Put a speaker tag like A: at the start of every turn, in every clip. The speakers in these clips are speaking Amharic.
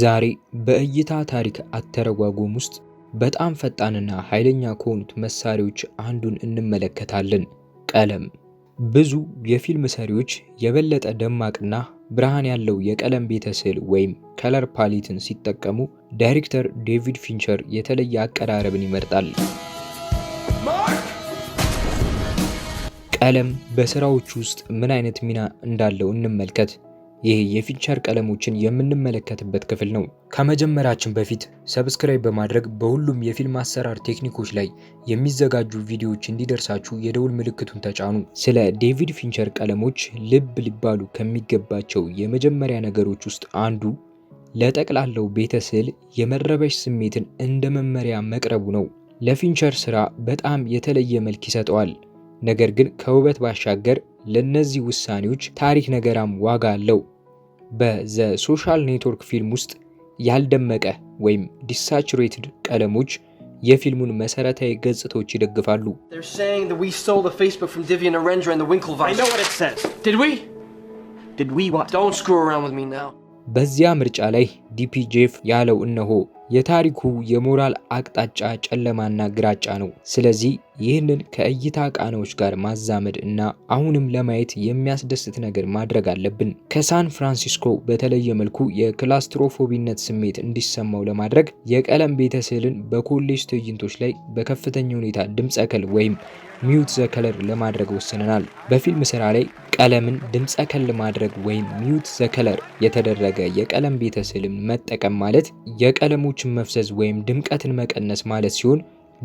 A: ዛሬ በእይታ ታሪክ አተረጓጎም ውስጥ በጣም ፈጣንና ኃይለኛ ከሆኑት መሳሪያዎች አንዱን እንመለከታለን። ቀለም። ብዙ የፊልም ሰሪዎች የበለጠ ደማቅና ብርሃን ያለው የቀለም ቤተ ስዕል ወይም ከለር ፓሌትን ሲጠቀሙ፣ ዳይሬክተር ዴቪድ ፊንቸር የተለየ አቀራረብን ይመርጣል። ቀለም በስራዎች ውስጥ ምን አይነት ሚና እንዳለው እንመልከት። ይህ የፊቸር ቀለሞችን የምንመለከትበት ክፍል ነው። ከመጀመራችን በፊት ሰብስክራይብ በማድረግ በሁሉም የፊልም አሰራር ቴክኒኮች ላይ የሚዘጋጁ ቪዲዮዎች እንዲደርሳችሁ የደውል ምልክቱን ተጫኑ። ስለ ዴቪድ ፊንቸር ቀለሞች ልብ ሊባሉ ከሚገባቸው የመጀመሪያ ነገሮች ውስጥ አንዱ ለጠቅላላው ቤተ ስዕል የመረበሽ ስሜትን እንደ መመሪያ መቅረቡ ነው። ለፊንቸር ስራ በጣም የተለየ መልክ ይሰጠዋል። ነገር ግን ከውበት ባሻገር ለእነዚህ ውሳኔዎች ታሪክ ነገራም ዋጋ አለው። በዘ ሶሻል ኔትወርክ ፊልም ውስጥ ያልደመቀ ወይም ዲሳቹሬትድ ቀለሞች የፊልሙን መሰረታዊ ገጽታዎች ይደግፋሉ። በዚያ ምርጫ ላይ ዲፒጄፍ ያለው እነሆ የታሪኩ የሞራል አቅጣጫ ጨለማና ግራጫ ነው። ስለዚህ ይህንን ከእይታ ቃናዎች ጋር ማዛመድ እና አሁንም ለማየት የሚያስደስት ነገር ማድረግ አለብን። ከሳን ፍራንሲስኮ በተለየ መልኩ የክላስትሮፎቢነት ስሜት እንዲሰማው ለማድረግ የቀለም ቤተ ስዕልን በኮሌጅ ትዕይንቶች ላይ በከፍተኛ ሁኔታ ድምፀ ከል ወይም ሚዩት ዘ ከለር ለማድረግ ወስነናል። በፊልም ስራ ላይ ቀለምን ድምፀ ከል ማድረግ ወይም ሚዩት ዘ ከለር የተደረገ የቀለም ቤተስዕልን መጠቀም ማለት የቀለሞችን መፍዘዝ ወይም ድምቀትን መቀነስ ማለት ሲሆን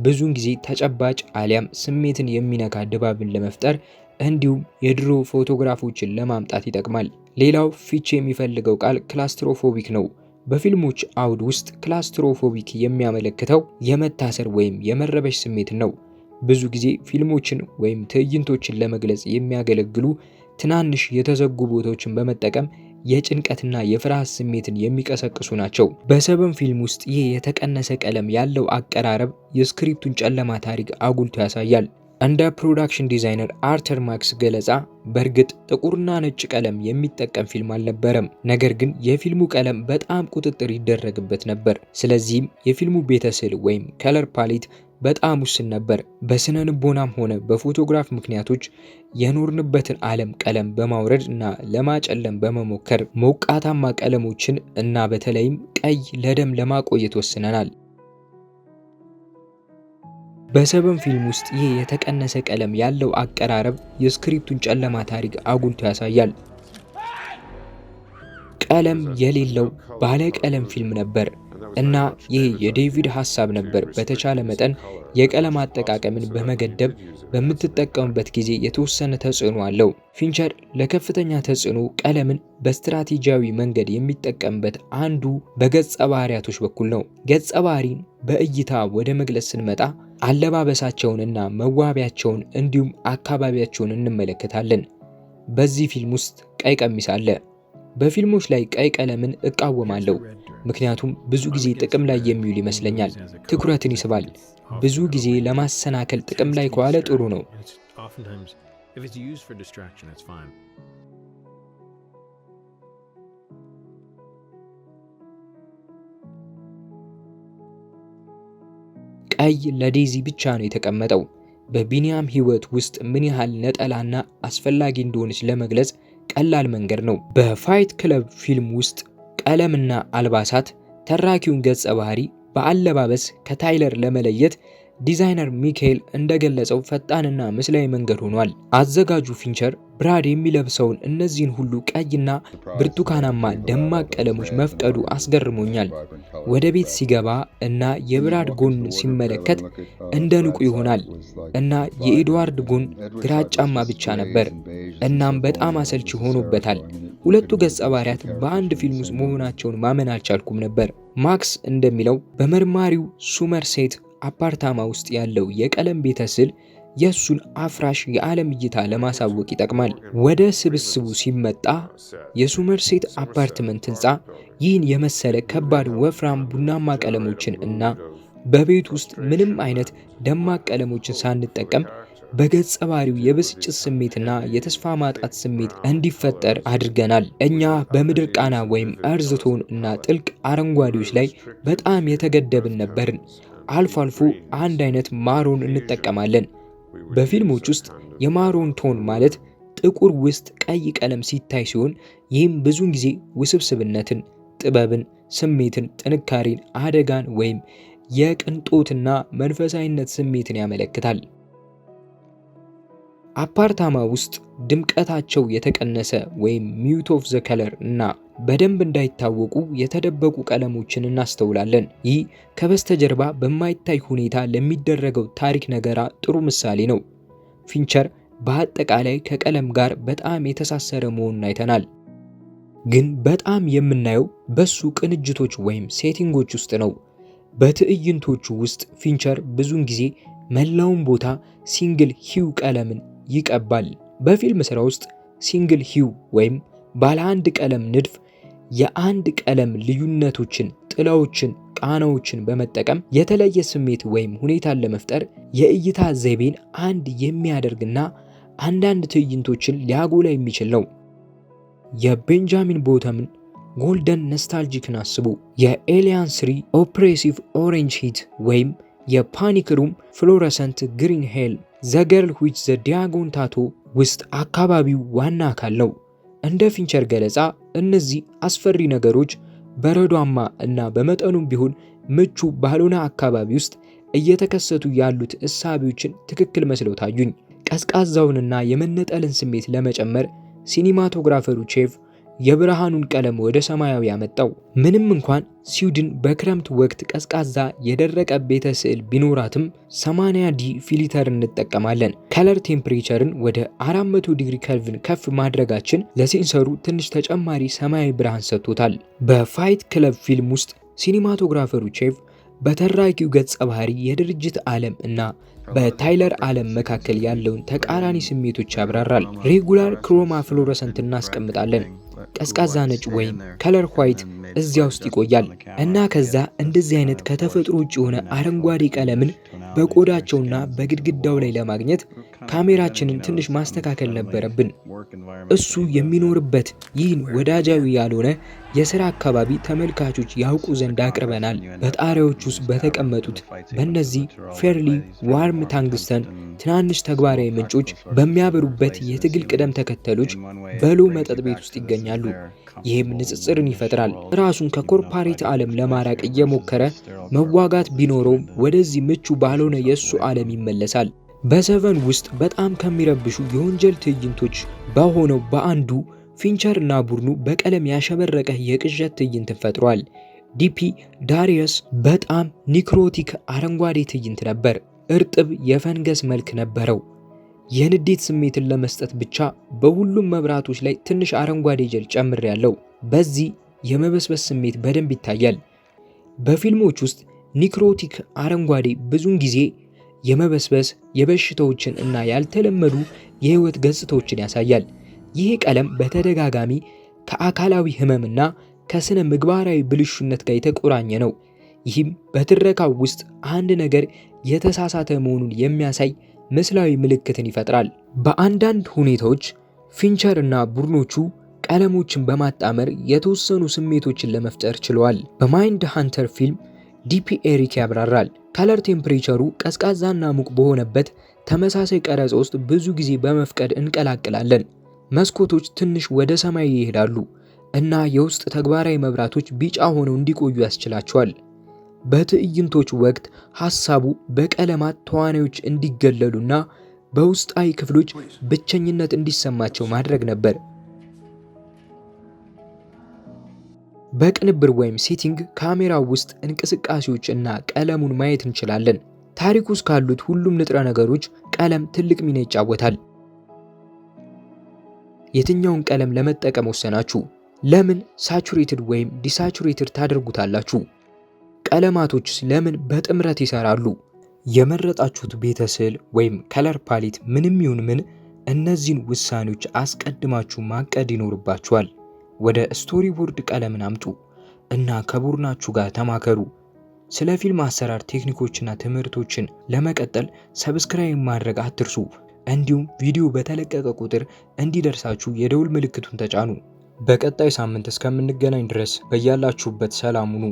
A: ብዙውን ጊዜ ተጨባጭ አሊያም ስሜትን የሚነካ ድባብን ለመፍጠር እንዲሁም የድሮ ፎቶግራፎችን ለማምጣት ይጠቅማል። ሌላው ፊቼ የሚፈልገው ቃል ክላስትሮፎቢክ ነው። በፊልሞች አውድ ውስጥ ክላስትሮፎቢክ የሚያመለክተው የመታሰር ወይም የመረበሽ ስሜትን ነው። ብዙ ጊዜ ፊልሞችን ወይም ትዕይንቶችን ለመግለጽ የሚያገለግሉ ትናንሽ የተዘጉ ቦታዎችን በመጠቀም የጭንቀትና የፍርሃት ስሜትን የሚቀሰቅሱ ናቸው። በሰበን ፊልም ውስጥ ይህ የተቀነሰ ቀለም ያለው አቀራረብ የስክሪፕቱን ጨለማ ታሪክ አጉልቶ ያሳያል። እንደ ፕሮዳክሽን ዲዛይነር አርተር ማክስ ገለጻ በእርግጥ ጥቁርና ነጭ ቀለም የሚጠቀም ፊልም አልነበረም። ነገር ግን የፊልሙ ቀለም በጣም ቁጥጥር ይደረግበት ነበር። ስለዚህም የፊልሙ ቤተስዕል ወይም ከለር ፓሌት በጣም ውስን ነበር። በስነ ልቦናም ሆነ በፎቶግራፍ ምክንያቶች የኖርንበትን ዓለም ቀለም በማውረድ እና ለማጨለም በመሞከር ሞቃታማ ቀለሞችን እና በተለይም ቀይ ለደም ለማቆየት ወስነናል። በሰበን ፊልም ውስጥ ይህ የተቀነሰ ቀለም ያለው አቀራረብ የስክሪፕቱን ጨለማ ታሪክ አጉልቶ ያሳያል። ቀለም የሌለው ባለ ቀለም ፊልም ነበር እና ይህ የዴቪድ ሀሳብ ነበር። በተቻለ መጠን የቀለም አጠቃቀምን በመገደብ በምትጠቀምበት ጊዜ የተወሰነ ተጽዕኖ አለው። ፊንቸር ለከፍተኛ ተጽዕኖ ቀለምን በስትራቴጂያዊ መንገድ የሚጠቀምበት አንዱ በገጸ ባህሪያቶች በኩል ነው። ገጸ ባህሪን በእይታ ወደ መግለጽ ስንመጣ አለባበሳቸውን እና መዋቢያቸውን እንዲሁም አካባቢያቸውን እንመለከታለን። በዚህ ፊልም ውስጥ ቀይ ቀሚስ አለ። በፊልሞች ላይ ቀይ ቀለምን እቃወማለሁ፣ ምክንያቱም ብዙ ጊዜ ጥቅም ላይ የሚውል ይመስለኛል። ትኩረትን ይስባል። ብዙ ጊዜ ለማሰናከል ጥቅም ላይ ከዋለ ጥሩ ነው። ቀይ ለዴዚ ብቻ ነው የተቀመጠው። በቢንያም ሕይወት ውስጥ ምን ያህል ነጠላና አስፈላጊ እንደሆነች ለመግለጽ ቀላል መንገድ ነው። በፋይት ክለብ ፊልም ውስጥ ቀለምና አልባሳት ተራኪውን ገጸ ባህሪ በአለባበስ ከታይለር ለመለየት ዲዛይነር ሚካኤል እንደገለጸው ፈጣንና ምስላዊ መንገድ ሆኗል። አዘጋጁ ፊንቸር ብራድ የሚለብሰውን እነዚህን ሁሉ ቀይና ብርቱካናማ ደማቅ ቀለሞች መፍቀዱ አስገርሞኛል። ወደ ቤት ሲገባ እና የብራድ ጎን ሲመለከት እንደ ንቁ ይሆናል እና የኤድዋርድ ጎን ግራጫማ ብቻ ነበር። እናም በጣም አሰልቺ ሆኖበታል። ሁለቱ ገጸ ባህሪያት በአንድ ፊልም ውስጥ መሆናቸውን ማመን አልቻልኩም ነበር። ማክስ እንደሚለው በመርማሪው ሱመርሴት አፓርታማ ውስጥ ያለው የቀለም ቤተ ስዕል የእሱን አፍራሽ የዓለም እይታ ለማሳወቅ ይጠቅማል። ወደ ስብስቡ ሲመጣ የሱመርሴት አፓርትመንት ህንፃ ይህን የመሰለ ከባድ ወፍራም ቡናማ ቀለሞችን እና በቤት ውስጥ ምንም አይነት ደማቅ ቀለሞችን ሳንጠቀም በገጸ ባህሪው የብስጭት ስሜትና የተስፋ ማጣት ስሜት እንዲፈጠር አድርገናል። እኛ በምድር ቃና ወይም እርዝቶን እና ጥልቅ አረንጓዴዎች ላይ በጣም የተገደብን ነበርን። አልፎ አልፎ አንድ አይነት ማሮን እንጠቀማለን። በፊልሞች ውስጥ የማሮን ቶን ማለት ጥቁር ውስጥ ቀይ ቀለም ሲታይ ሲሆን ይህም ብዙውን ጊዜ ውስብስብነትን፣ ጥበብን፣ ስሜትን፣ ጥንካሬን፣ አደጋን ወይም የቅንጦትና መንፈሳዊነት ስሜትን ያመለክታል። አፓርታማ ውስጥ ድምቀታቸው የተቀነሰ ወይም ሚውት ኦፍ ዘ ከለር እና በደንብ እንዳይታወቁ የተደበቁ ቀለሞችን እናስተውላለን። ይህ ከበስተጀርባ በማይታይ ሁኔታ ለሚደረገው ታሪክ ነገራ ጥሩ ምሳሌ ነው። ፊንቸር በአጠቃላይ ከቀለም ጋር በጣም የተሳሰረ መሆኑን አይተናል። ግን በጣም የምናየው በሱ ቅንጅቶች ወይም ሴቲንጎች ውስጥ ነው። በትዕይንቶቹ ውስጥ ፊንቸር ብዙውን ጊዜ መላውን ቦታ ሲንግል ሂው ቀለምን ይቀባል። በፊልም ስራ ውስጥ ሲንግል ሂው ወይም ባለ አንድ ቀለም ንድፍ የአንድ ቀለም ልዩነቶችን፣ ጥላዎችን፣ ቃናዎችን በመጠቀም የተለየ ስሜት ወይም ሁኔታን ለመፍጠር የእይታ ዘይቤን አንድ የሚያደርግና አንዳንድ ትዕይንቶችን ሊያጎላ የሚችል ነው። የቤንጃሚን ቦተምን ጎልደን ነስታልጂክን አስቡ። የኤሊያን ስሪ ኦፕሬሲቭ ኦሬንጅ ሂት ወይም የፓኒክ ሩም ፍሎረሰንት ግሪን ሄል ዘገርል ዊች ዘ ዲያጎን ታቶ ውስጥ አካባቢው ዋና አካል ነው። እንደ ፊንቸር ገለጻ እነዚህ አስፈሪ ነገሮች በረዷማ እና በመጠኑም ቢሆን ምቹ ባልሆነ አካባቢ ውስጥ እየተከሰቱ ያሉት እሳቢዎችን ትክክል መስለው ታዩኝ። ቀዝቃዛውንና የመነጠልን ስሜት ለመጨመር ሲኒማቶግራፈሩ ቼቭ የብርሃኑን ቀለም ወደ ሰማያዊ ያመጣው። ምንም እንኳን ሲውድን በክረምት ወቅት ቀዝቃዛ የደረቀ ቤተ ስዕል ቢኖራትም 80 ዲ ፊሊተር እንጠቀማለን። ከለር ቴምፕሬቸርን ወደ 400 ዲግሪ ከልቪን ከፍ ማድረጋችን ለሴንሰሩ ትንሽ ተጨማሪ ሰማያዊ ብርሃን ሰጥቶታል። በፋይት ክለብ ፊልም ውስጥ ሲኒማቶግራፈሩ ቼቭ በተራኪው ገጸ ባህሪ የድርጅት ዓለም እና በታይለር ዓለም መካከል ያለውን ተቃራኒ ስሜቶች ያብራራል። ሬጉላር ክሮማ ፍሎረሰንት እናስቀምጣለን። ቀዝቃዛ ነጭ ወይም ከለር ኳይት እዚያ ውስጥ ይቆያል እና ከዛ እንደዚህ አይነት ከተፈጥሮ ውጭ የሆነ አረንጓዴ ቀለምን በቆዳቸውና በግድግዳው ላይ ለማግኘት ካሜራችንን ትንሽ ማስተካከል ነበረብን። እሱ የሚኖርበት ይህን ወዳጃዊ ያልሆነ የሥራ አካባቢ ተመልካቾች ያውቁ ዘንድ አቅርበናል። በጣሪያዎች ውስጥ በተቀመጡት በእነዚህ ፌርሊ ዋርም ታንግስተን ትናንሽ ተግባራዊ ምንጮች በሚያበሩበት የትግል ቅደም ተከተሎች በሎ መጠጥ ቤት ውስጥ ይገኛሉ። ይህም ንጽጽርን ይፈጥራል። ራሱን ከኮርፖሬት ዓለም ለማራቅ እየሞከረ መዋጋት ቢኖረውም ወደዚህ ምቹ ባልሆነ የእሱ ዓለም ይመለሳል። በሰቨን ውስጥ በጣም ከሚረብሹ የወንጀል ትዕይንቶች በሆነው በአንዱ ፊንቸር እና ቡድኑ በቀለም ያሸበረቀ የቅዠት ትዕይንት ፈጥሯል። ዲፒ ዳሪየስ በጣም ኒክሮቲክ አረንጓዴ ትዕይንት ነበር። እርጥብ የፈንገስ መልክ ነበረው። የንዴት ስሜትን ለመስጠት ብቻ በሁሉም መብራቶች ላይ ትንሽ አረንጓዴ ጀል ጨምር ያለው። በዚህ የመበስበስ ስሜት በደንብ ይታያል። በፊልሞች ውስጥ ኒክሮቲክ አረንጓዴ ብዙውን ጊዜ የመበስበስ የበሽታዎችን እና ያልተለመዱ የህይወት ገጽታዎችን ያሳያል። ይህ ቀለም በተደጋጋሚ ከአካላዊ ህመምና ከስነ ምግባራዊ ብልሹነት ጋር የተቆራኘ ነው። ይህም በትረካው ውስጥ አንድ ነገር የተሳሳተ መሆኑን የሚያሳይ ምስላዊ ምልክትን ይፈጥራል። በአንዳንድ ሁኔታዎች ፊንቸር እና ቡድኖቹ ቀለሞችን በማጣመር የተወሰኑ ስሜቶችን ለመፍጠር ችለዋል። በማይንድ ሃንተር ፊልም ዲፒ ኤሪክ ያብራራል። ከለር ቴምፕሬቸሩ ቀዝቃዛና ሙቅ በሆነበት ተመሳሳይ ቀረጽ ውስጥ ብዙ ጊዜ በመፍቀድ እንቀላቅላለን። መስኮቶች ትንሽ ወደ ሰማይ ይሄዳሉ እና የውስጥ ተግባራዊ መብራቶች ቢጫ ሆነው እንዲቆዩ ያስችላቸዋል። በትዕይንቶች ወቅት ሐሳቡ በቀለማት ተዋናዮች እንዲገለሉና በውስጣዊ ክፍሎች ብቸኝነት እንዲሰማቸው ማድረግ ነበር። በቅንብር ወይም ሴቲንግ ካሜራው ውስጥ እንቅስቃሴዎች እና ቀለሙን ማየት እንችላለን። ታሪክ ውስጥ ካሉት ሁሉም ንጥረ ነገሮች ቀለም ትልቅ ሚና ይጫወታል። የትኛውን ቀለም ለመጠቀም ወሰናችሁ? ለምን ሳቹሬትድ ወይም ዲሳቹሬትድ ታደርጉታላችሁ? ቀለማቶችስ ለምን በጥምረት ይሰራሉ? የመረጣችሁት ቤተ ስዕል ወይም ከለር ፓሌት ምንም ይሁን ምን እነዚህን ውሳኔዎች አስቀድማችሁ ማቀድ ይኖርባችኋል። ወደ ስቶሪ ቦርድ ቀለምን አምጡ እና ከቡድናችሁ ጋር ተማከሩ። ስለ ፊልም አሰራር ቴክኒኮችና ትምህርቶችን ለመቀጠል ሰብስክራይብ ማድረግ አትርሱ። እንዲሁም ቪዲዮ በተለቀቀ ቁጥር እንዲደርሳችሁ የደውል ምልክቱን ተጫኑ። በቀጣይ ሳምንት እስከምንገናኝ ድረስ በያላችሁበት ሰላም ሁኑ።